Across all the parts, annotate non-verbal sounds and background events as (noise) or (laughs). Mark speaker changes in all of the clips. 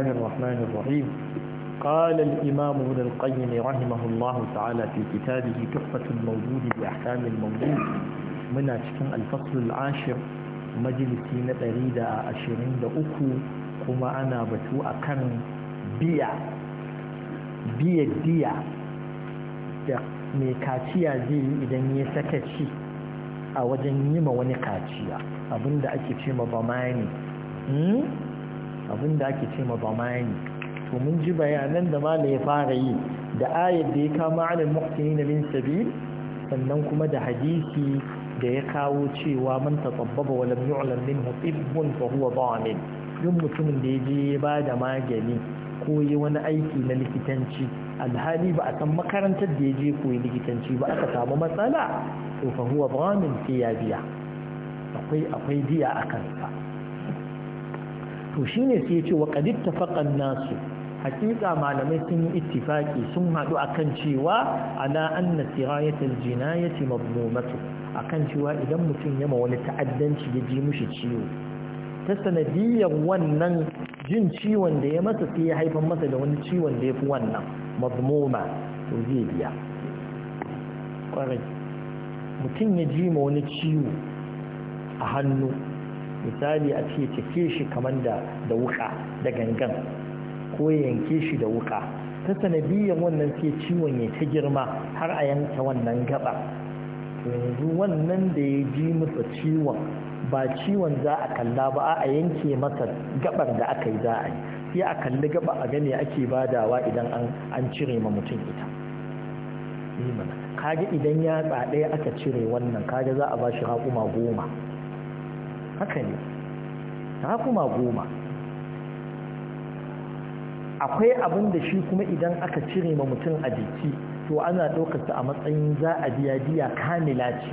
Speaker 1: الله الرحمن الرحيم قال الإمام ابن القيم رحمه الله تعالى في كتابه تحفة الموجود بأحكام الموجود من أشكن الفصل العاشر مجلسين أريد أشرين لأكو كما أنا بتوء كان بيع بيع ديع mai kaciya zai yi idan ya sakaci a wajen yi ma wani kaciya abinda ake ce ma ba abin da ake ce ma bamani to mun ji bayanan da Malam ya fara yi da ayar da ya kama alal na min sabil sannan kuma da hadisi da ya kawo cewa man tatabbaba wa lam yu'lam minhu tibbun fa huwa dhamin duk mutumin da ya je ya ba da magani ko yi wani aiki na likitanci alhali ba a san makarantar da ya je koyi likitanci ba aka samu matsala to fa huwa dhamin sai ya biya akwai akwai biya a kansa to shine sai ya ce wa nasu hakika malamai sun yi ittifaƙi sun haɗu akan cewa jina ya sirayatul jinayati a akan cewa idan mutum yama wani ta'addanci ya ji mushi ciwo ta sanadiyar wannan jin ciwon da ya masa sai ya haifan masa da wani ciwon da ya fi wannan mazmuma to zai biya ƙwarai mutum ya ji ma wani ciwo a hannu misali a ce cike shi kamar da da wuka da gangan ko yanke shi da wuka ta sanadiyyar wannan sai ciwon ya ta girma har a yanka wannan gaba yanzu wannan da ya ji masa ciwon ba ciwon za a kalla ba a yanke masa gabar da aka yi za a yi sai a kalli gaba a gane ake badawa idan an cire ma mutum ita kaga idan ya ɗaya aka cire wannan kaga za a bashi shi goma haka ne kuma goma akwai abin da shi kuma idan aka cire ma mutum a jiki to ana ɗaukarsa a matsayin za a biya diya kamila ce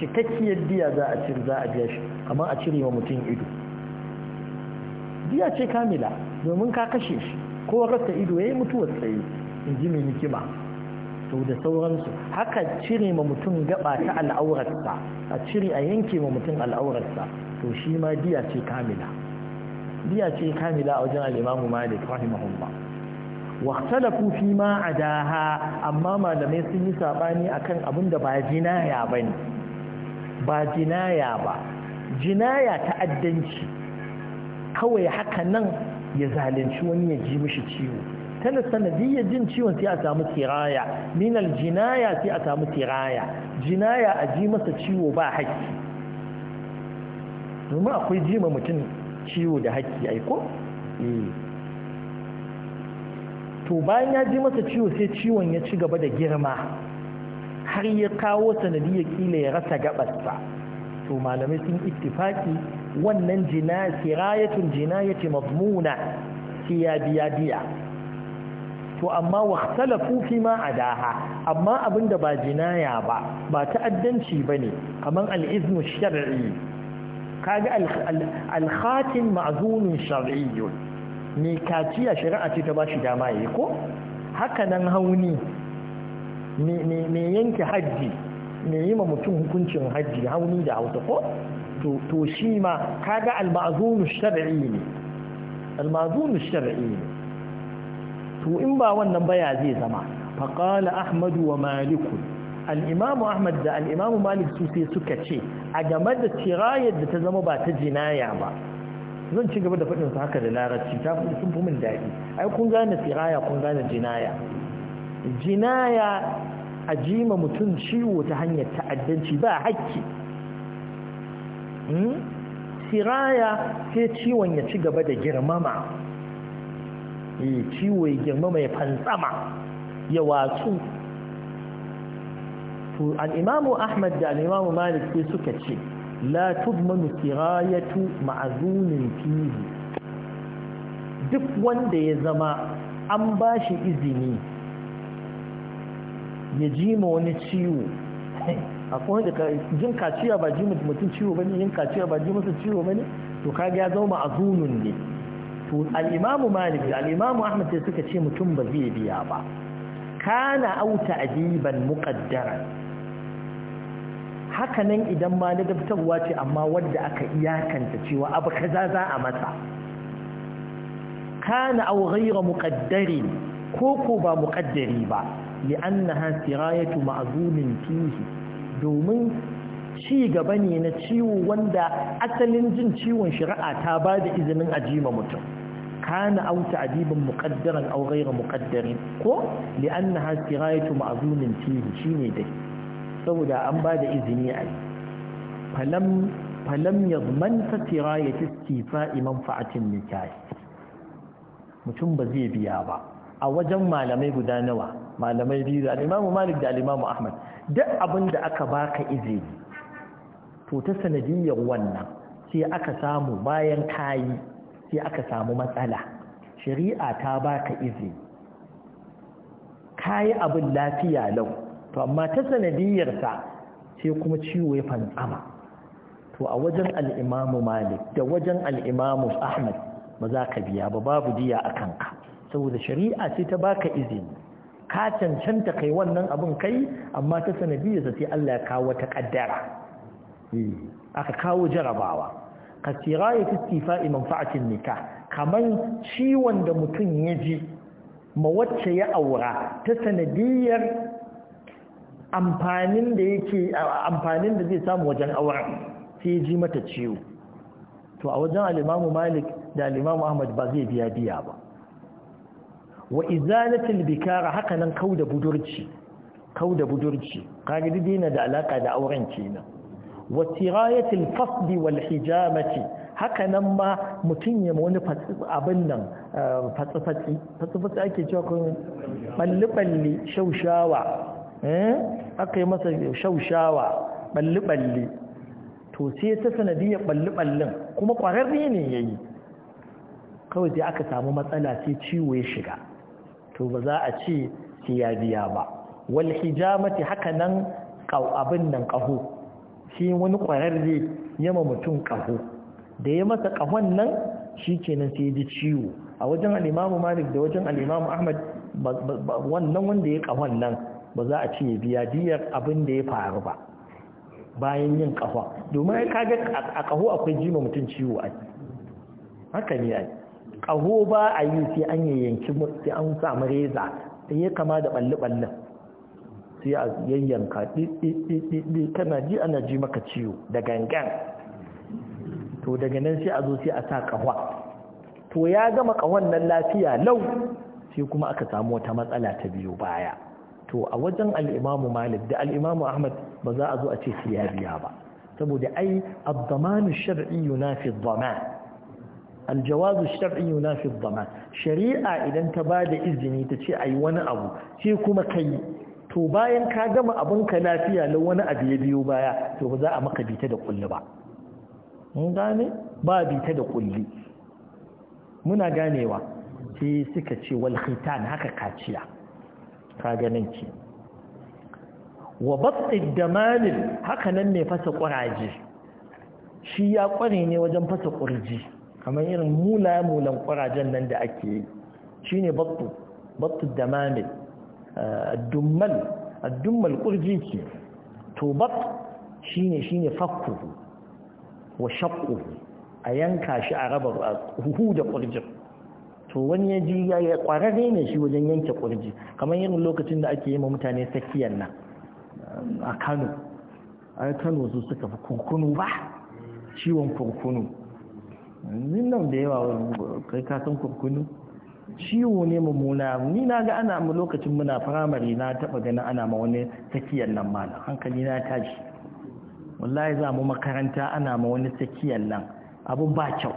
Speaker 1: cikakkiyar diya za a cire za a biya shi kamar a cire ma mutum ido diya ce kamila domin ka kashe shi ko rasa ido ya yi mutuwar tsaye in ji mai nikima su da sauransu haka cire ma mutum gaba ta al'aurarsa a cire a yanke ma mutum al'aurarsa to shi ma diya ce kamila diya ce kamila a wajen al'imamu malik daha amma malamai sun yi saɓani a kan abin da ba jinaya ba ne, ba jinaya ba, jinaya ta'addanci, kawai haka nan ya zalunci wani ya ji mishi ciwo tana sanadiyyar jin ciwon sai a samu tiraya minal jinaya sai a samu tiraya jinaya a ji masa ciwo ba haƙƙi domin akwai jima mutum ciwo da haƙƙi aiko? Eh. to bayan ya ji masa ciwo sai ciwon ya ci gaba da girma har ya kawo sanadiyyar kila ya rasa gabarsa to malamai sun ittifaki wannan jina sirayatun jinayati mazmuna ya biya biya to amma waxtalafu fi ma adaha amma abinda ba jinaya ba ba ta'addanci bane kaman al-izmu shar'i kaga al-khatim ma'zunun shar'iyyun ne kaciya shari'a ce ta bashi dama yayi ko haka nan hauni ne yanke hajji ne yi ma mutum hukuncin hajji hauni da hausa ko to shi ma kaga al-ma'zunu shar'i ne al-ma'zunu shar'i ne to in ba wannan baya zai zama faƙala ahmadu wa maliku al'imamu ahmad da al'imamu malik su sai suka ce a game da cirayar da ta zama ba ta jinaya ba zan ci gaba da faɗin haka da larabci ta sun fi min daɗi ai kun gane tiraya kun gane jinaya jinaya a jima mutum ciwo ta hanyar ta'addanci ba hakki siraya hmm? sai ciwon ya ci gaba da girmama ciwo ya girmama ya fantsama ya watsu to al'imamu ahmad da al'imamu malik sai suka ce la tudmanu sirayatu ma'azunin fihi duk wanda ya zama an ba shi izini ya ji ma wani ciwo (laughs) akwai da jin kaciya ba ji mutum ciwo bane yin kaciya ba ji masa ciwo bane to kaga ya zama ma'azunun ne su al'imamu maliki al'imamu ahmad sai suka ce mutum ba zai biya ba kana auta adiban muƙaddara hakanan idan ma na gabtarwa ce amma wadda aka iyakanta cewa abu kaza za a mata kana au ghaira muƙaddari ko ko ba muƙaddari ba li'annaha sirayatu ma'zumin fihi domin ci gaba ne na ciwo wanda asalin jin ciwon shari'a ta ba da izinin ajima mutum kana au ta'dibun muqaddaran aw ghayra muqaddarin ko li'annaha sirayatu ma'zumin fihi shine dai saboda an bada izini ai falam falam yadmanta sirayati istifa'i manfa'atin nikahi mutum ba zai biya ba a wajen malamai guda nawa malamai biyu da al-Imam Malik da al-Imam Ahmad duk abinda aka baka izini to ta sanadiyar wannan sai aka samu bayan kai sai aka samu matsala shari'a ta baka izini kayi abin lafiya lau to amma ta sa, sai kuma ciwo ya fantsama to a wajen al'imamu malik da wajen al'imamu ahmad ba za ka biya ba babu diya a kanka saboda shari'a sai ta baka izini ka cancanta kai wannan abin kai amma ta sa sai Allah ya kawo ta kaddara eh, aka kawo jarabawa kasira ya fi istifa'i manfa'atin nika kamar ciwon da mutum ya ji ma wacce ya aura ta sanadiyar amfanin da yake amfanin da zai samu wajen auren sai ji mata ciwo to a wajen Alimamu Malik da Alimamu Ahmad ba zai biya biya ba wa izalatul bikara hakanan kauda budurci da budurci kaga dai na da alaka da auren kenan wa tirayatil fasdi wal hijamati haka nan ma mutum ya wani abin nan fatsi-fatsi eh, ake cewa kun balli-balli shaushawa eh, aka yi masa shaushawa balli-balli to sai ta sanadiyar balli-ballin kuma kwararre ne ya yi kawai sai aka samu matsala sai ciwo ya shiga to ba za a ce sai ya biya ba wal hijamati haka nan abin nan ƙaho shi wani ƙwararre yama mutum ƙaho da ya masa ƙahon nan shi kenan sai ji ciwo a wajen al'imamu malik da wajen al'imamu ahmad wannan wanda ya ƙahon nan ba za a ce ya biya diyar abin da ya faru ba bayan yin ƙahon domin ya kaga a ƙaho akwai ji ma mutum ciwo a haka ne a yi ƙaho ba a yi sai an yanki sai an samu reza sai ya kama da ɓalli-ɓallin sai a yayyanka ɗiɗɗiɗɗi kana ji ana ji maka ciwo da gangan to daga nan sai a zo sai a sa ƙawa to ya gama ƙawan nan lafiya lau sai kuma aka samu wata matsala ta biyu baya to a wajen al'imamu malik da al'imamu ahmad ba za a zo a ce ya biya ba saboda ai abdamanu shar'i yunafi dhaman aljawazu shar'i yunafi dhaman shari'a idan ta bada izini ta ce ai wani abu sai kuma kai to bayan ka gama abinka lafiya lau wani abu ya biyo baya to ba za a maka bita da kulli ba mun gane ba bita da kulli muna ganewa sai suka ce wal khitan haka kaciya ka ganin ki wa batsid damalin haka nan ne fasa kuraje shi ya ƙware ne wajen fasa ƙurji kamar irin mula-mulan ƙurajen nan da ake yi shine ne batsu batsu addummal addummal kurji ce tobat shi shine fakkuhu wa a yanka shi a raba huhu da ƙurjin to wani ya ji ya kwararre ne shi wajen yanke kurji kamar irin lokacin da ake yi ma mutane tsakiyar nan a Kano a Kano su suka fi kurkunu ba ciwon kurkunu nan da yawa kai ka san kurkunu ciwo ne mummuna ni na ga ana mu lokacin muna firamare na taba ganin ana ma wani tsakiyar nan ma hankali na tashi wallahi za mu makaranta ana ma wani tsakiyar nan abu ba kyau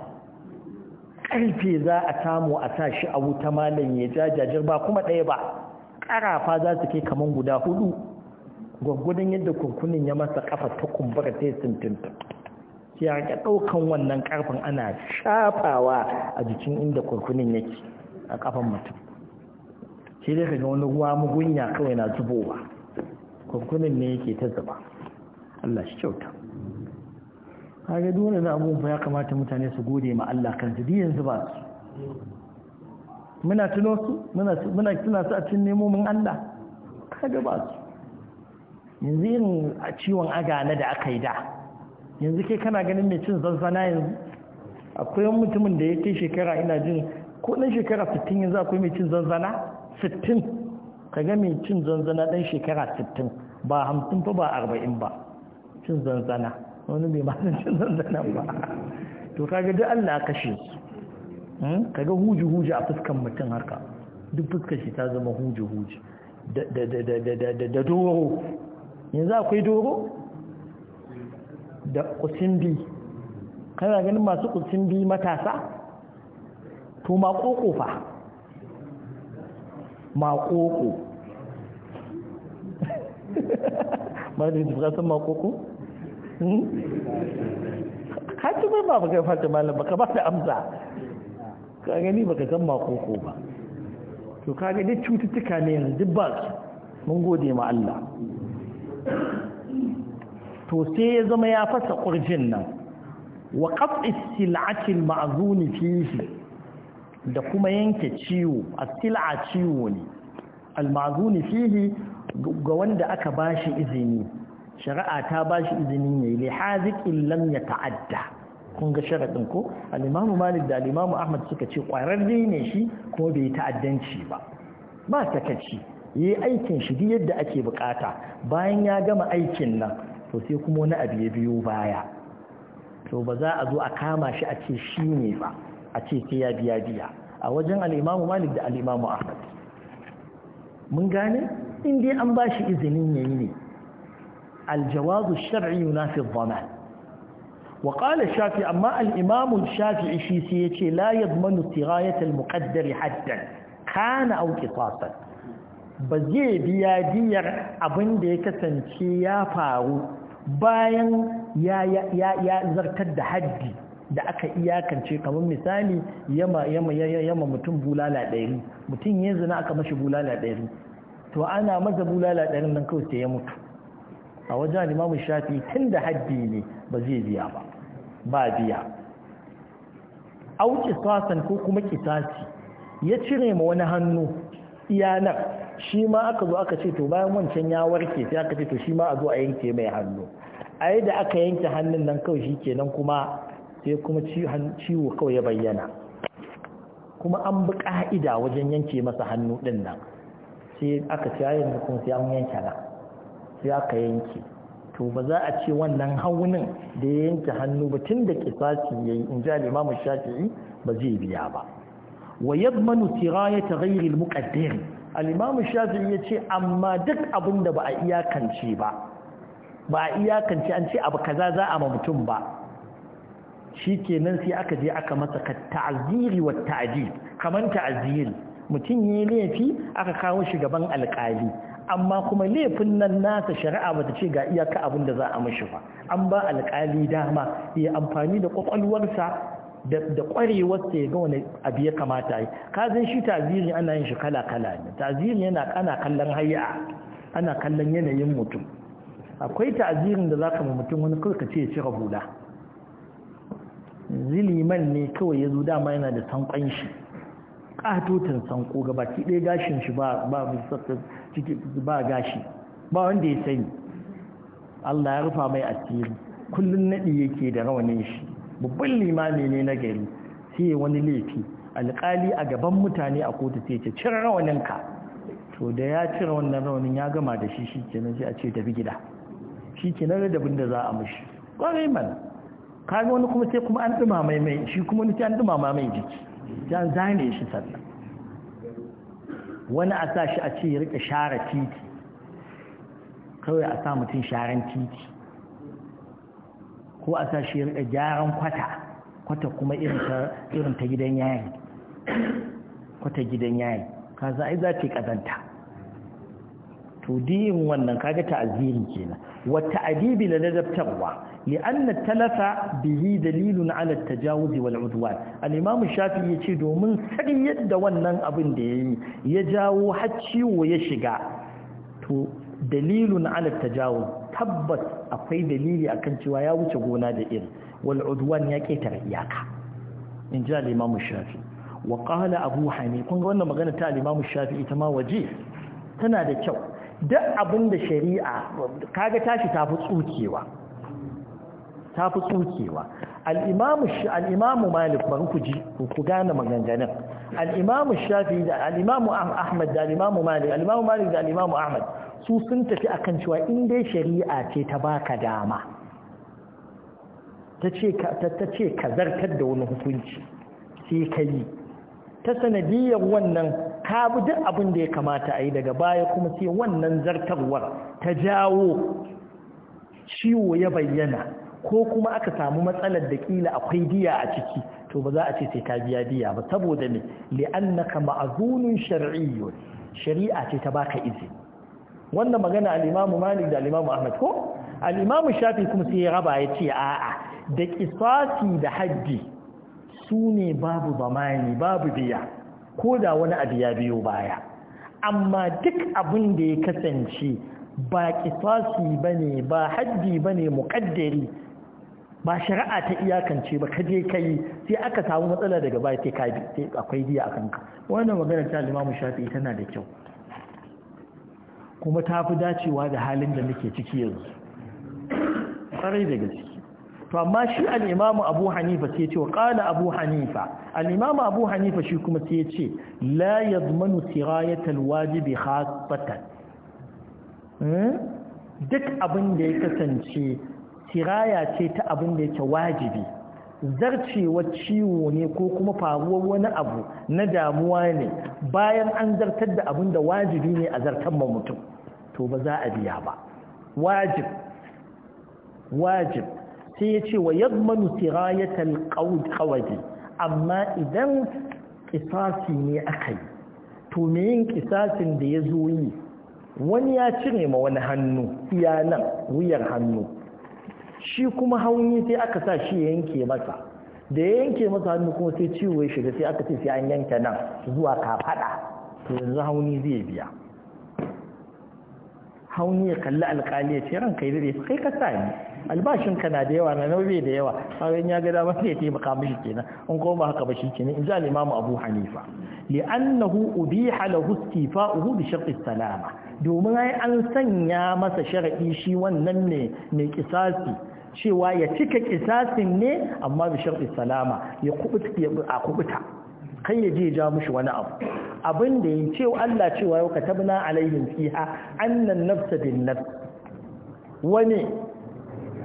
Speaker 1: ƙarfe za a samu a sa shi a wuta malam ya jajajar ba kuma ɗaya ba ƙarafa za su kai kamar guda hudu gwaggudun yadda kunkunin ya masa kafa ta kumbura ta yi sintinta ya ga ɗaukan wannan ƙarfin ana shafawa a jikin inda kunkunin yake a kafan mutum sai dai kaga wani ruwa mugunya kawai na zubowa kurkunin ne yake ta zuba Allah shi kyauta kaga duk na abubuwa ya kamata mutane su gode ma Allah kan su yanzu ba su muna tuno su muna tuna su a cikin mun Allah kaga ba su yanzu irin a ciwon aga na da aka yi da yanzu kai kana ganin mai cin zanzana yanzu akwai mutumin da ya kai shekara ina jin ko ɗan shekara 60 yanzu akwai mai cin zanzana 60 kaga mai cin zanzana ɗan shekara 60 ba 50 fa ba 40 ba cin zanzana wani mai masu cin zanzana ba to kaga duk Allah kashe su hmm? kaga huji huji a fuskan mutum haka duk fuskar shi ta zama huji huji da doro yanzu akwai doro da kusimbi kana ganin masu kusimbi matasa to maƙoƙo fa (laughs) da malamin jifira sun maƙoƙo? hajji hmm? mai ba baka fata malam baka ba da amsa ka gani baka san maƙoƙo ba to ka gani cututtuka ne yanzu ba mun gode ma Allah to sai ya zama ya fasa ƙurjin nan wa ƙaf'is sil'atil ma'azuni fihi da kuma yanke ciwo a asila ciwo ne almazuni fihi ga wanda aka bashi izini shari'a ta bashi izini ne li haziqin lam ta'adda. kun ga sharadin ko al-imam malik da al ahmad suka ce kwararre ne shi ko bai ta'addanci ba ba sakaci yi aikin shi yadda ake bukata bayan ya gama aikin nan to sai kuma wani abu ya biyo baya to ba za a zo a kama shi a ce shi ne ba a ce ya biya biya a wajen al'imamu malik da al'imamu ahmad mun gane in dai an ba shi izinin yi ne aljawazu shar'i yunafi dhaman wa shafi amma alimamu shafi shafi'i shi sai yace la yadmanu tighayat al haddar kana auki qitasan ba zai biya diyar abin da ya kasance ya faru bayan ya zartar da haddi da aka iyakance kamar misali yama yama yama mutum bulala ɗari mutum ya zina aka mashi bulala ɗari to ana maza bulala ɗari nan kawai sai ya mutu a wajen imamu shafi tun da haddi ne ba zai biya ba ba biya auki kisasan ko kuma kitasi ya cire ma wani hannu iyanar shi ma aka zo aka ce to bayan wancan ya warke sai aka ce to shi ma a zo a yanke mai hannu a da aka yanke hannun nan kawai shi kenan kuma sai kuma ciwo kawai ya bayyana kuma an bi ƙa'ida wajen yanke masa hannu ɗin nan sai aka ce da kuma sai an yanke nan sai aka yanke to ba za a ce wannan haunin da ya yanke hannu ba tun da kisasi ya yi in ji alimamu shafi'i ba zai biya ba wa yadmanu ya ghairi al A al shafi shafi'i ce amma duk abin da ba a iyakance ba ba a iyakance an ce abu kaza za a ma mutum ba shi kenan sai aka je aka masa ka ta'aziri wa ta'ajil kaman ta'aziri mutum yi laifi aka kawo shi gaban alƙali amma kuma laifin nan nasa shari'a ba ta ce ga iyaka abin da za a mashi ba an ba alƙali dama ya amfani da kwakwalwarsa da kwarewarsa ya ga wani abu ya kamata yi Kazan shi taziri ana yin shi kala-kala ne taziri yana ana kallon hayya ana kallon yanayin mutum akwai tazirin da za ka mutum wani kawai ka ce ya cire hula ziliman ne kawai ya zo dama yana da sankon shi ƙatotin sanko gabaki ɗaya gashin shi ba gashi ba wanda ya sani Allah ya rufa mai asiri kullum naɗi yake da rawanin shi babban limami ne na gari sai ya wani laifi alƙali a gaban mutane a kotu sai ce cire rawaninka to da ya cire wannan rawanin ya gama da shi shi kenan sai a ce tafi gida shi kenan da da za a mushi. ƙwarai mana kaga wani kuma sai kuma an dumama mai shi kuma ni sai an dumama mai jiki sai an zane shi sannan wani a sa shi a ce ya rika share titi kawai a sa mutum sharan titi ko a sa shi ya rika gyaran kwata kwata kuma irin ta gidan yayi kwata gidan yayi ka za a yi za ta yi kazanta to diyin wannan kaga ta'ziri kenan wa ta'dibi la ladabtawa li'anna talafa bihi dalilun ala at-tajawuz wal udwan al-imam shafi'i yace domin sarin yadda wannan abin da yayi ya jawo hacciwo ya shiga to dalilun ala tajawuz tabbas akwai dalili akan cewa ya wuce gona da iri wal udwan ya ketare iyaka in ji al-imam shafi'i wa qala abu hanifa kun ga wannan magana ta al-imam shafi'i ta ma waje tana da kyau duk abin da shari'a kaga tashi ta fi tsukewa ta fi tsukewa al'imamu malik bari ku ji ku gane maganganun al'imamu shafi da al'imamu ahmad da al'imamu malik al'imamu malik da al'imamu ahmad su sun tafi akan cewa in dai shari'a ce ta baka dama ta ce ka zartar da wani hukunci sai ka yi ta sanadiyar wannan ka bi duk abin da ya kamata a yi daga baya kuma sai wannan zartarwar ta jawo ciwo ya bayyana ko kuma aka samu matsalar da kila akwai diya a ciki to ba za a ce sai ka biya diya ba saboda ne li'annaka ma'azunun shar'iyyun shari'a ce ta baka izini wannan magana al Malik da al Ahmad ko al Shafi kuma sai ya raba ya ce a'a da qisasi da haddi ne babu bamani babu biya ko da wani abu ya biyo baya amma duk abin da ya kasance ba kifasi ba ne ba haddi ba ne muƙaddari ba shari'a ta iyakance ba kaje kai sai aka samu matsala daga baya sai kai sai akwai diya a kanka wannan maganar ta limamu shafi tana da kyau kuma ta fi dacewa da halin da muke ciki yanzu ƙwarai da gaske to amma shi al'imamu abu hanifa sai ce wa abu hanifa al'imamu abu hanifa shi kuma sai ce la ya wajibi hasbatan hmm? duk abin da ya kasance siraya ce ta abin da yake wajibi zarcewar ciwo ne ko kuma faruwar wani abu na damuwa ne bayan an zartar da abin da wajibi ne a zartar ma mutum to ba za a biya ba wajib wajib sai ya ce wa yadmanu tirayatal kawaje amma idan kisasi ne yi to me yin kisasin da ya zo yi wani ya cire ma wani hannu iya nan wuyar hannu shi kuma hauni sai aka sa shi ya yanke masa da ya yanke masa hannu kuma sai ciwo ya shiga sai aka ce sai an yanke nan zuwa kafada to yanzu hauni zai biya hauni ya kalli alkali ya ce ran yi dare kai ka sa ni albashin ka na da yawa na nauyi da yawa kawai ya ga dama sai ya taimaka mishi kenan in ko haka ba shi kenan in ja al Abu Hanifa li'annahu ubiha lahu istifa'uhu bi shartis salama domin ai an sanya masa sharadi shi wannan ne mai kisasi cewa ya cika kisasin ne amma bi shartis salama ya kubuta kai ya je ja mushi wani abu abin da ya ce Allah cewa yau katabna alaihim fiha annan nafsa bin nafs wani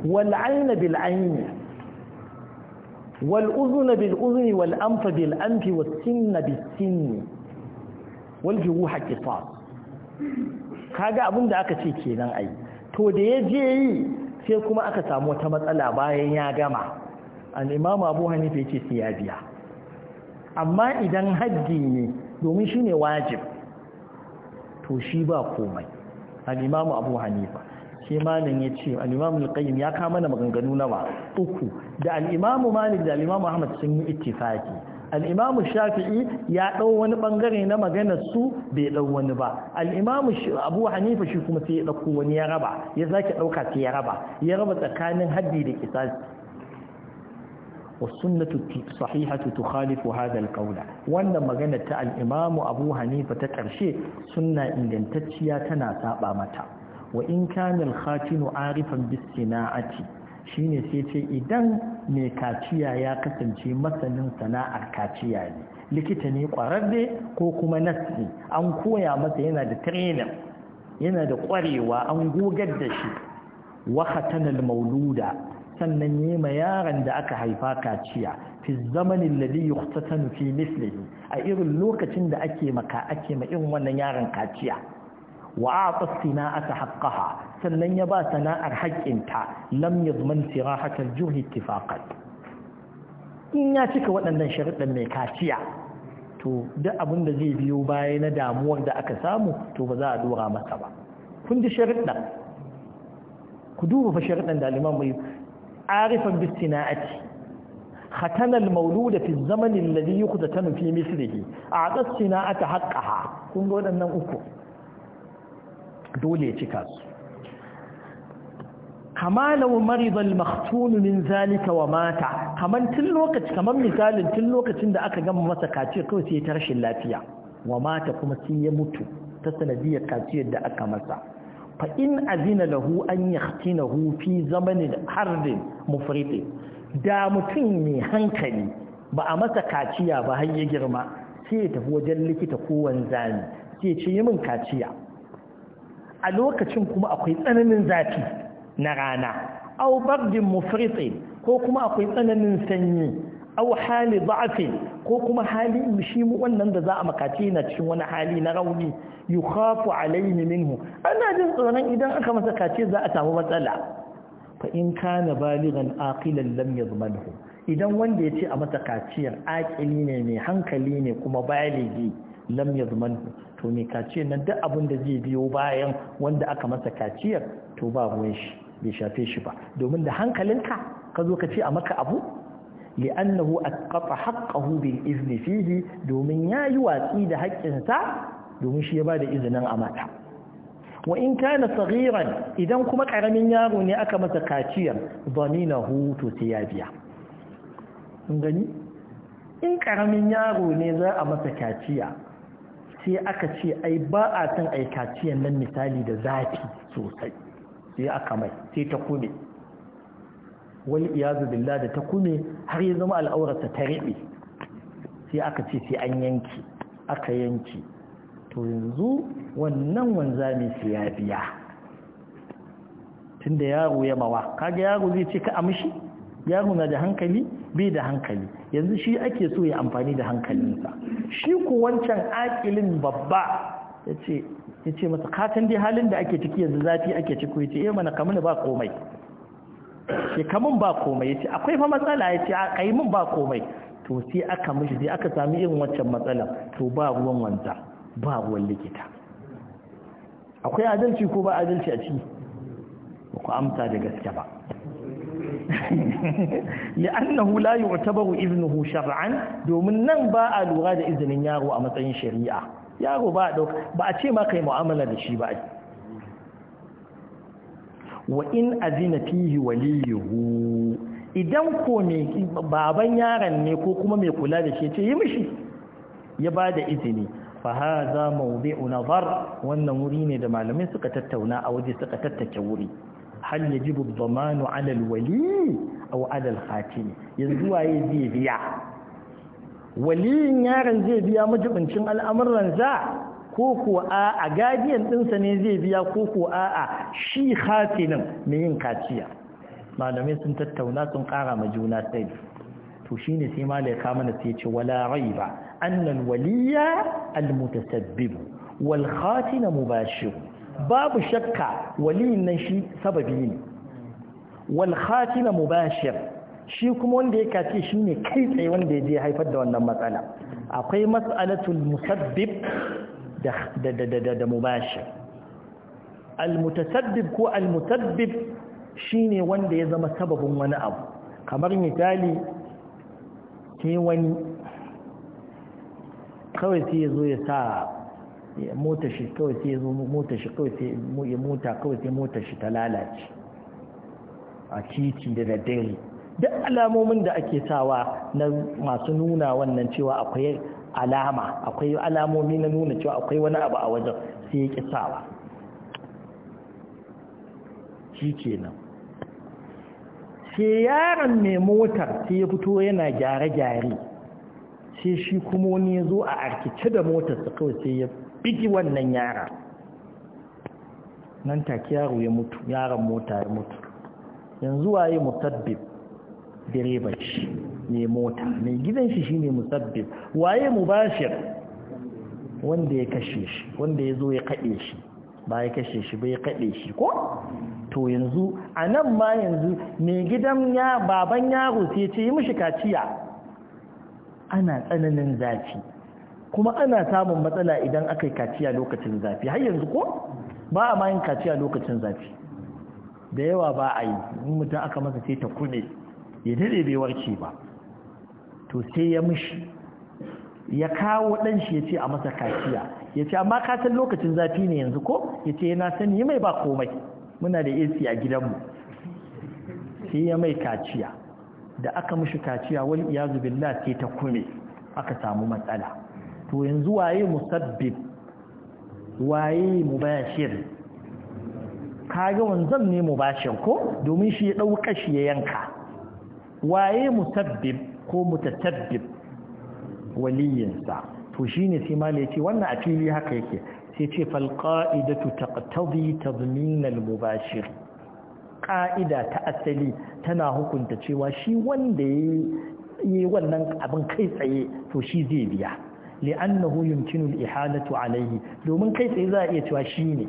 Speaker 1: wal aina bil aini wal uzuna bil uzni wal anfa bil anfi was sinna bis sinni wal juruha qisas kaga abin da aka ce kenan ai to da ya je yi sai kuma aka samu wata matsala bayan ya gama al-imam Abu Hanifa yace sai ya biya amma idan haddi ne domin ne wajib to shi ba komai al-imam Abu Hanifa sai malam ya ce ya kama da maganganu nawa uku da al'imamu malik da al'imamu ahmad sun yi ittifaki al'imamu shafi'i ya ɗau wani ɓangare na maganar su bai ɗau wani ba al'imamu abu hanifa shi kuma sai ya wani ya raba ya zaki ɗauka sai ya raba ya raba tsakanin haddi da kisasi والسنة الصحيحة تخالف هذا القول وأن ta al'imamu أبو حنيفة تكرشي سنة إن لن تتشيا تنا سابا wa in kana al-khatinu arifan bis sana'ati shine sai ce idan mai kaciya ya kasance masanin sana'ar kaciya ne likita ne kwararre ko kuma nasi an koya masa yana da training yana da kwarewa an gogar da shi wa khatanal mauluda sannan yi ma yaron da aka haifa kaciya fi zamanin ladi yuqtatanu fi mislihi a irin lokacin da ake maka ake ma irin wannan yaron kaciya wa a'ta sina'ata haqqaha sannan ya ba sana'ar haƙƙinta lam yazman sirahatal juhi ittifaqan in ya cika waɗannan sharuɗan mai kaciya to duk abin da zai biyo baya na damuwar da aka samu to ba za a dora masa ba kun ji sharuɗan ku duba fa sharuɗan da liman mai arifan bis sina'ati ختن المولود في الزمن الذي يقدتن في مثله أعطى الصناعة حقها kun قول أنه uku. dole ya cika su kama lau min zalika wa mata kaman tun lokaci kaman misalin tun lokacin da aka gama masa kaciyar, kawai sai ta rashin lafiya wa mata kuma sai ya mutu ta sanadiyar kaciyar da aka masa fa in azina lahu an yahtinahu fi zamanin hardin mufridin da mutum mai hankali ba a masa kaciya ba har ya girma sai ya tafi wajen likita ko wanzani sai ce yi min kaciya a lokacin kuma akwai tsananin zafi na rana au bardin mufriti ko kuma akwai tsananin sanyi au hali da'fi ko kuma hali shi mu wannan da za a makace na cikin wani hali na rauni yukhafu alayhi minhu ana jin tsoron idan aka masa kace za a samu matsala fa in kana baligan aqilan lam manhu, idan wanda ya ce a masa kaciyar aƙili ne mai hankali ne kuma baligi lam manhu. to mai kaciyar nan duk abin da zai biyo bayan wanda aka masa kaciyar to ba ruwan shi bai shafe shi ba domin da hankalinka ka zo ka ce a maka abu li'annahu aqata haqqahu bil izni fihi domin yayi watsi da haƙƙinsa domin shi ya bada izinin a mata wa in kana saghiran idan kuma karamin yaro ne aka masa kaciyar dhaminahu to sai ya biya in gani in karamin yaro ne za a masa kaciya sai aka ce ai ba a san ai kaciyan nan misali da zafi sosai sai aka mai sai ta kume wal iyazu billah da ta kume har ya zama al'aurarsa ta riɓe sai aka ce sai an yanki aka yanki to yanzu wannan wanzami sai ya biya tunda yaro ya mawa kaga yaro zai ce ka amshi yaro na da hankali bai da hankali yanzu shi ake so ya amfani da hankalinsa shi ku wancan akilin babba ya ce masa katon dai halin da ake ciki yanzu zafi ake ciki ya ce iya eh mana kamar ba komai ce kamun ba komai ya ce akwai fa matsala ya ce a kai mun ba komai to sai aka mishi sai aka sami irin wancan matsala to ba ruwan wanda ba ruwan likita akwai adalci ko ba adalci a ciki ba ku amsa da gaske ba li'annahu la yu'tabaru iznuhu shar'an domin nan ba a lura da izinin yaro a matsayin shari'a yaro ba a ba a ce ma kai mu'amala da shi ba wa in azina fihi waliyuhu idan ko me baban yaron ne ko kuma mai kula da shi ce yi mishi ya ba da izini fa hadha mawdi'u nazar wannan wuri ne da malamai suka tattauna a waje suka tattake wuri hal ya ji ala wali aw ala alkhatimi yanzu waye zai biya waliyin yaron zai biya majibincin al'amuran za ko ko a a gadiyan ɗinsa ne zai biya ko ko a a shi khatimin mai yin kaciya malamai sun tattauna sun ƙara ma juna sai to shine sai malai mana sai ce wala raiba annal waliya almutasabbib wal khatina mubashir babu shakka waliyin nan shi sababi ne wal khatima mubashir shi kuma wanda ya kace shine kai tsaye wanda ya je haifar da wannan matsala akwai mas'alatul musabbib da da da da, da mubashir al mutasabbib ko al shine wanda ya zama sababin wani abu kamar misali ke wani kawai sai ya zo ya sa mota shi kawai sai zo mota shi kawai sai mota kawai sai mota shi ta lalace a titi da daddare duk alamomin da ake sawa na masu nuna wannan cewa akwai alama akwai alamomi na nuna cewa akwai wani abu a wajen sai ya ƙi sawa nan. kenan sai yaron mai motar sai ya fito yana gyare-gyare sai shi kuma wani ya zo a arkice da motarsa kawai sai ya Biki wannan yara nan take yaro ya mutu yaron mota ya mutu yanzu waye musabbib direba shi ne mota mai gidan shi shine musabbib waye mubashir wanda ya kashe shi wanda ya zo ya kaɗe shi ba ya kashe shi ba ya kaɗe shi ko to yanzu a nan ma yanzu mai gidan ya baban yaro sai ce yi mishi kaciya ana tsananin zaci. kuma ana samun matsala idan aka yi kaciya lokacin zafi har yanzu ko ba a mayin kaciya lokacin zafi da yawa ba a yi in mutum aka masa sai ta kune ya dade bai warke ba to sai ya mishi ya kawo ɗanshi shi ya ce a masa kaciya ya ce amma ka san lokacin zafi ne yanzu ko ya ce yana eh, sani ya mai ba komai muna da AC a gidanmu sai ya mai kaciya da aka mishi kaciya wal iyazu billah sai ta kume aka samu matsala to yanzu waye musabbib waye mubashir kaga wanzan ne mubashir ko domin shi ya dauka shi ya yanka waye musabbib ko mutatabbib waliyinsa to shine sai malai ce wannan a fili haka yake sai ce fal qa'idatu taqtadi tadmin al mubashir ka'ida ta asali tana hukunta cewa shi wanda yi wannan abin kai tsaye to shi zai biya li'annahu yumkinu al-ihalatu alayhi domin kai sai za a iya cewa shine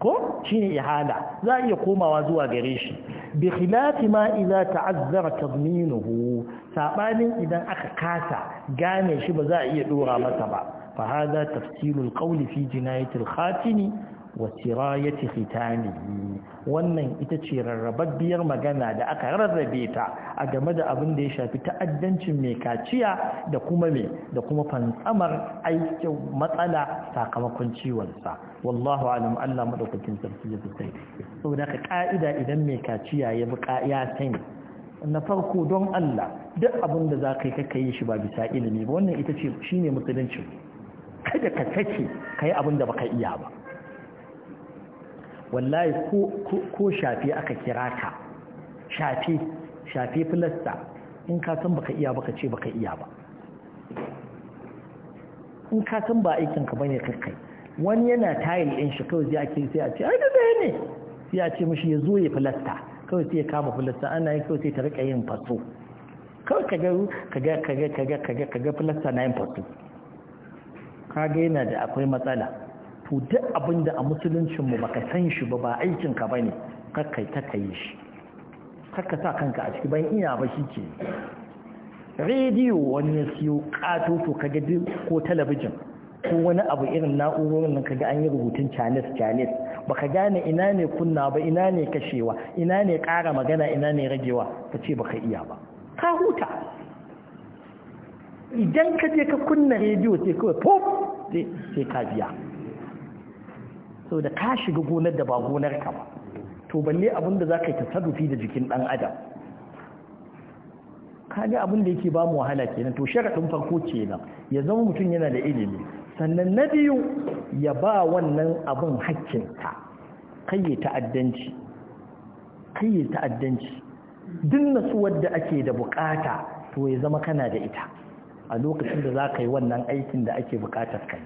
Speaker 1: ko shine ihala za a iya komawa zuwa gare shi bi khilafi ma idza ta'azzara tadminuhu sabanin idan aka kasa gane shi ba za a iya dora masa ba fa hadha tafsilul qawli fi jinayatil khatini wa sirayati khitanihi wannan ita ce rarrababbiyar magana da aka rarrabe ta a game da abin da ya shafi ta'addancin mai kaciya da kuma me da kuma fantsamar aikin matsala sakamakon ciwon sa wallahu alam Allah madaukakin sarki ya fi da ka ka'ida idan mai kaciya ya bi ya sani na farko don Allah duk abin da za ka yi yi shi ba bisa ilimi ba wannan ita ce shine musulunci kada ka sake ka abin da baka iya ba wallahi ko shafi aka kira ka shafi shafi filasta in ka san baka iya baka ce baka iya ba in ka san ba aikin ka bane kai wani yana tayin din shi kawai zai ake sai a ce ai da ne sai a ce mishi ya zo ya filasta kawai sai ya kama filasta ana yi kawai sai ta rika yin faso kawai ka ga ka kaga kaga ga filasta na yin faso ga yana da akwai matsala to duk abin da a musuluncinmu baka san shi ba ba aikinka ba ne kakai yi shi kakka sa kanka a ciki bayan iya ba shi ke rediyo wani ya siyo to kaga duk ko talabijin ko wani abu irin na'urorin nan kaga an yi rubutun chinese chinese baka gane ina ne kunna ba ina ne kashewa ina ne ƙara magana ina ne ragewa ka ce baka iya ba ka huta idan ka je ka kunna rediyo sai kawai pop sai ka biya so ka shiga gonar da ba gonar ka ba to balle abin da za yi da jikin ɗan adam Ka ga abin da yake ba mu wahala kenan to sharaɗin farko kenan ya zama mutum yana da ilimi sannan na biyu ya ba wannan abin hakkinsa kai ya ta'addanci kai ya ta'addanci duk natsuwar da ake da bukata to ya zama kana da ita a lokacin da za ka yi wannan aikin da ake bukatar kai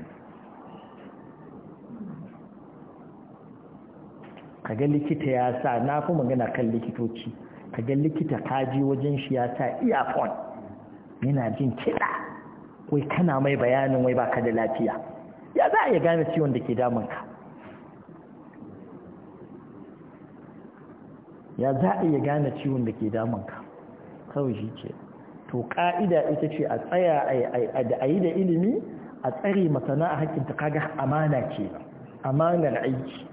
Speaker 1: ka ga likita ya sa na fi magana kan likitoci ka ga likita ka wajen shi ya sa earphone yana jin kiɗa wai kana mai bayanin wai baka da lafiya ya za a iya gane ciwon da ke damun ka ya za a iya gane ciwon da ke damun ka kawai shi ce to ka'ida ita ce a tsaya a yi da ilimi a tsare masana a hakinta kaga amana ce amanar aiki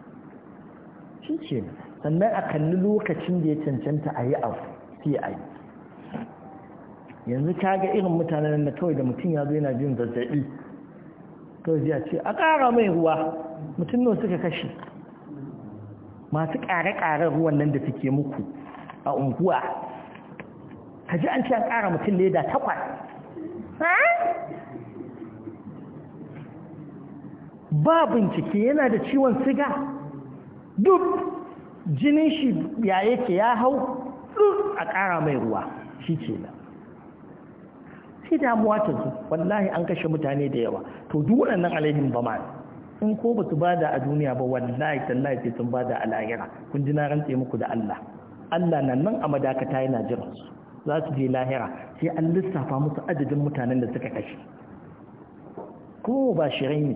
Speaker 1: shi ce sannan a kalli lokacin da ya cancanta a yi abu sai a yi yanzu ka ga irin mutanen da kawai da mutum ya zo yana jin zazzaɓi kawai zai ce a ƙara mai ruwa mutum suka kashe masu ƙare-ƙaren ruwan nan da suke muku a unguwa ka ji an ce an ƙara mutum leda takwas ba bincike yana da ciwon siga duk jinin shi ya yake ya hau duk a ƙara mai ruwa shi ce na sai damuwa ta zo wallahi an kashe mutane da yawa to duk waɗannan alaihin ba ma in ko ba su ba da a duniya ba wallahi tallahi sai sun ba da alayira. kun ji na rantse muku da Allah Allah nan nan a madakata yana jiran su za su je lahira sai an lissafa musu adadin mutanen da suka kashe ko ba shirai ne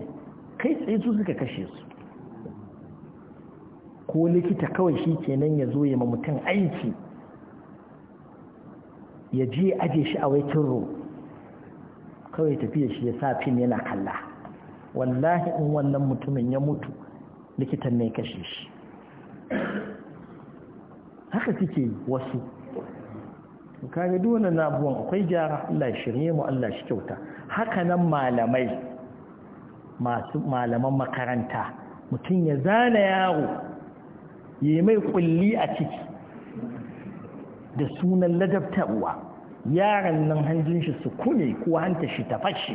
Speaker 1: kai tsaye su suka kashe su ko likita kawai shi kenan ya zo ya ma mutum aiki ya je aje shi a waitin ro kawai tafiya shi ya sa fim yana kalla wallahi in wannan mutumin ya mutu likitan ne kashe shi haka suke wasu kaga duk na abubuwan akwai gyara Allah ya shirye mu Allah shi kyauta haka nan malamai masu malaman makaranta mutum ya zana yaro yi mai kulli a ciki da sunan ladabtarwa yaran nan hanjin shi su kune ko hanta shi ta fashe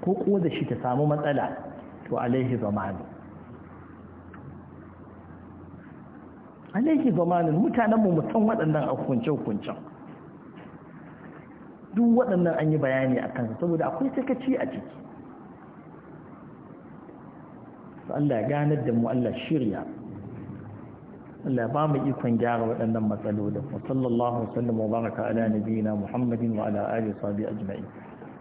Speaker 1: ko koda shi ta samu matsala to alaihi zamanu alaihi zamanin mutanen mu mutum waɗannan a kunce duk waɗannan an yi bayani a kansa saboda akwai sakaci a ciki Allah ganar da mu Allah shirya Allah ba mu ikon gyara waɗannan matsalolin wa sallallahu wa sallam wa baraka ala nabiyina Muhammadin wa ala alihi wa sahbihi ajma'in